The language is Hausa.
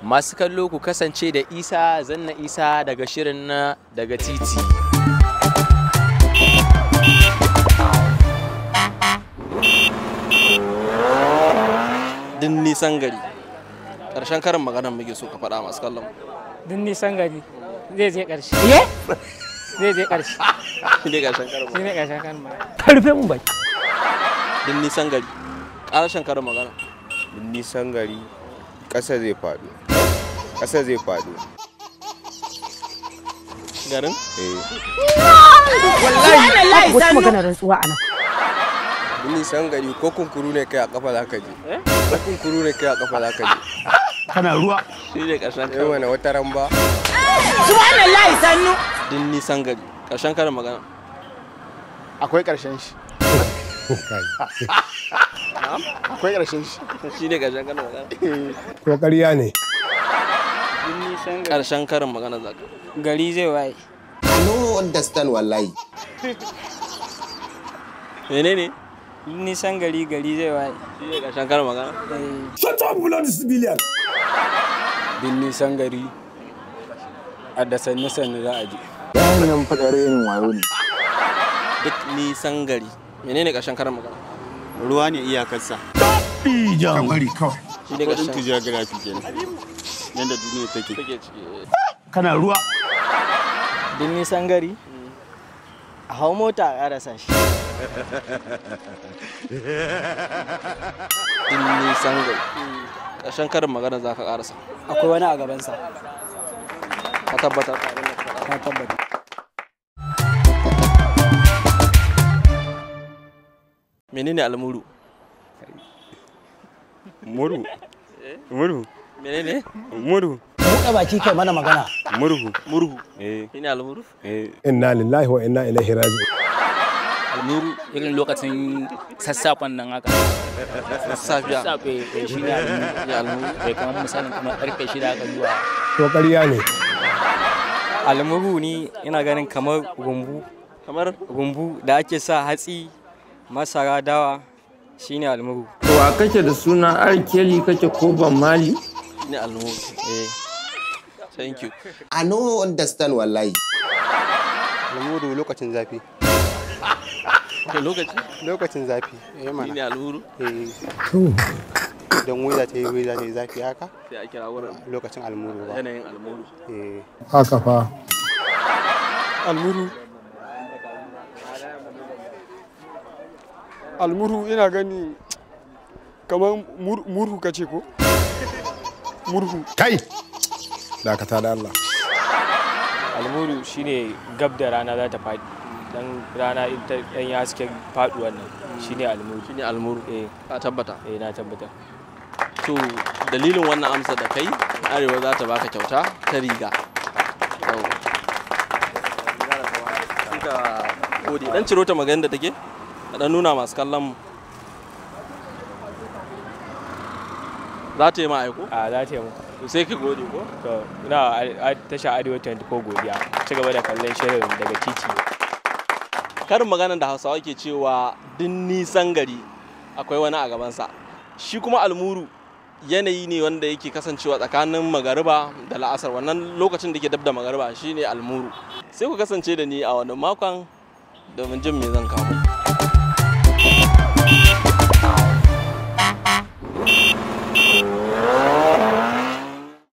masu kallo ku kasance da isa zanna isa daga shirin na daga titi din nisan gari ƙarshen karin maganar muke so ka faɗa masu kallon din nisan gari zai je ƙarshe zai je ƙarshe shi ne ƙarshen karin magana shi ne karin karfe mu baki din nisan gari ƙarshen karin magana din nisan gari ƙasa zai faɗo ƙasa zai faɗo garin? eh wallahi wata magana rantsuwa a nan Bini san gari ko kunkuru ne kai a kafa za ka je. Eh? Ko kunkuru ne kai a kafa za ka je. Kana ruwa. Shi ne ƙarshen eh, kai wani na wata ramba. Subhanallahi sannu. Din nisan gari. Ƙarshen karin magana. Akwai ƙarshen shi. akwai ƙarshen shi shi ne ƙarshen karin magana eh. ko ƙarya ne ƙarshen karin magana zaka gari zai waye no understand wallahi menene nisan gari gari zai waye shi ne ƙarshen karin magana eh. shut up blood civilian bin nisan gari a da sanne sanne za a je wannan fadare yin wayo ne duk nisan gari menene ƙarshen karin magana ruwa ne iyakarsa ka bari kawai eh. kana ruwa nisan gari a hau mota a shi nisan hmm. karin magana za ka karasa akwai wani a gabansa ka tabbatar ka tabbatar menene almuru muru muru menene muru buɗe baki kai mana magana murhu murhu eh ina almuru eh inna lillahi wa inna ilaihi raji'un almuru irin lokacin sassafan nan haka sassafiya sassafe kai eh, shi ne almuru kai eh, kamar misalin kuma karfe shida haka zuwa to ƙarya ne almuru ni ina ganin kamar gumbu kamar gumbu da ake sa hatsi masara dawa shine almuru to a kake da suna alkeli kake ko ban mali ne almuru eh thank you i no understand wallahi almuru lokacin zafi lokaci lokacin zafi eh mana ne almuru eh don wiza ta yi wiza ta yi zafi haka sai a kira wurin lokacin almuru ba yanayin almuru eh haka fa almuru almurhu ina gani kamar murhu ka ce ko murhu kai dakata da Allah almuru shine gab da rana za ta faɗi dan rana in ta dan ya suke faduwan wannan shine almuru shine almuru eh ka tabbata eh na tabbata to dalilin wannan amsa da kai arewa za ta baka kyauta ta riga dan ciro ta magana da take da nuna masu kallon mu za ta yi ma aiko? a za ta yi mu sai ki gode ko? to ina tasha arewa 24 godiya ci gaba da kallon shirin daga titi karin maganar da hausawa ke cewa din nisan gari akwai wani a gabansa shi kuma almuru yanayi ne wanda yake kasancewa tsakanin magariba da la'asar wannan lokacin da ke dab da magariba shine almuru sai ku kasance da ni a wani makon domin jin me zan kawo